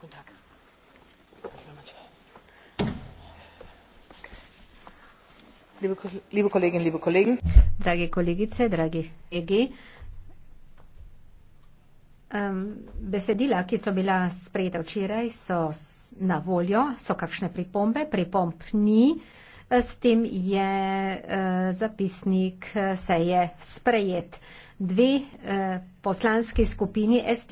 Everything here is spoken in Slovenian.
Guten Tag. Liebe, liebe Kolleginnen, liebe Kollegen. Dragi kolegice, dragi EG. Um, besedila, ki so bila sprejeta včeraj, so na voljo, so kakšne pripombe, pripomb ni. S tem je uh, zapisnik, e, se je sprejet. Dve uh, poslanski skupini ST.